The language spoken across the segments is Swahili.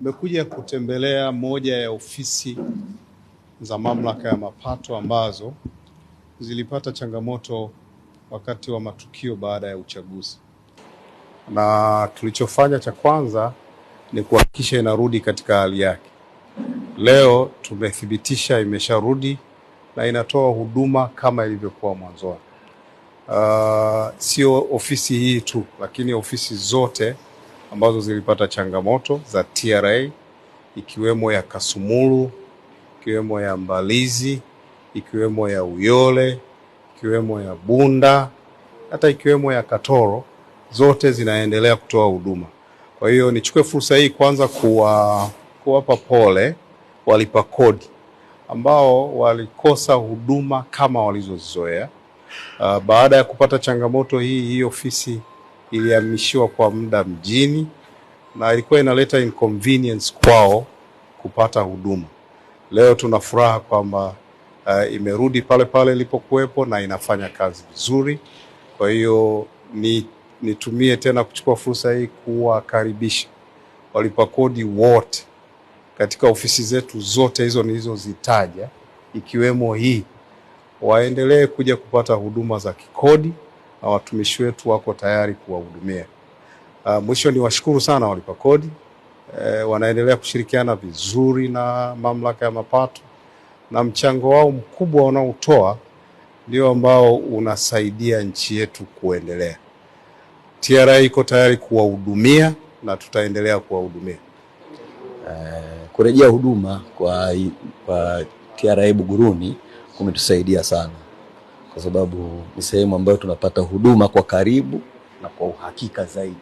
Nimekuja kutembelea moja ya ofisi za mamlaka ya mapato ambazo zilipata changamoto wakati wa matukio baada ya uchaguzi, na tulichofanya cha kwanza ni kuhakikisha inarudi katika hali yake. Leo tumethibitisha imesharudi na inatoa huduma kama ilivyokuwa mwanzoni. Uh, sio ofisi hii tu, lakini ofisi zote ambazo zilipata changamoto za TRA ikiwemo ya Kasumulu, ikiwemo ya Mbalizi, ikiwemo ya Uyole, ikiwemo ya Bunda, hata ikiwemo ya Katoro, zote zinaendelea kutoa huduma. Kwa hiyo nichukue fursa hii kwanza kuwa, kuwapa pole walipa kodi ambao walikosa huduma kama walizozoea. Uh, ah, baada ya kupata changamoto hii, hii ofisi ilihamishiwa kwa muda mjini, na ilikuwa inaleta inconvenience kwao kupata huduma. Leo tuna furaha kwamba uh, imerudi pale pale ilipokuwepo na inafanya kazi vizuri. Kwa hiyo ni nitumie tena kuchukua fursa hii kuwakaribisha walipa kodi wote katika ofisi zetu zote hizo nilizozitaja ikiwemo hii, waendelee kuja kupata huduma za kikodi na watumishi wetu wako tayari kuwahudumia. Uh, mwisho ni washukuru sana walipa kodi eh, wanaendelea kushirikiana vizuri na mamlaka ya mapato na mchango wao mkubwa wanaotoa ndio ambao unasaidia nchi yetu kuendelea. TRA iko tayari kuwahudumia na tutaendelea kuwahudumia. Uh, kurejea huduma kwa, kwa TRA Buguruni kumetusaidia sana kwa sababu ni sehemu ambayo tunapata huduma kwa karibu na kwa uhakika zaidi.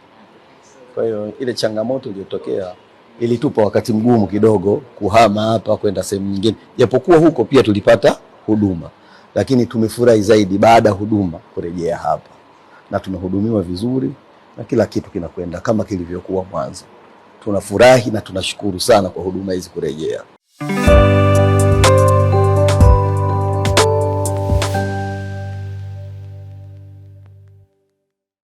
Kwa hiyo ile changamoto iliyotokea ilitupa wakati mgumu kidogo kuhama hapa kwenda sehemu nyingine, japokuwa huko pia tulipata huduma, lakini tumefurahi zaidi baada ya huduma kurejea hapa, na tunahudumiwa vizuri na kila kitu kinakwenda kama kilivyokuwa mwanzo. Tunafurahi na tunashukuru sana kwa huduma hizi kurejea.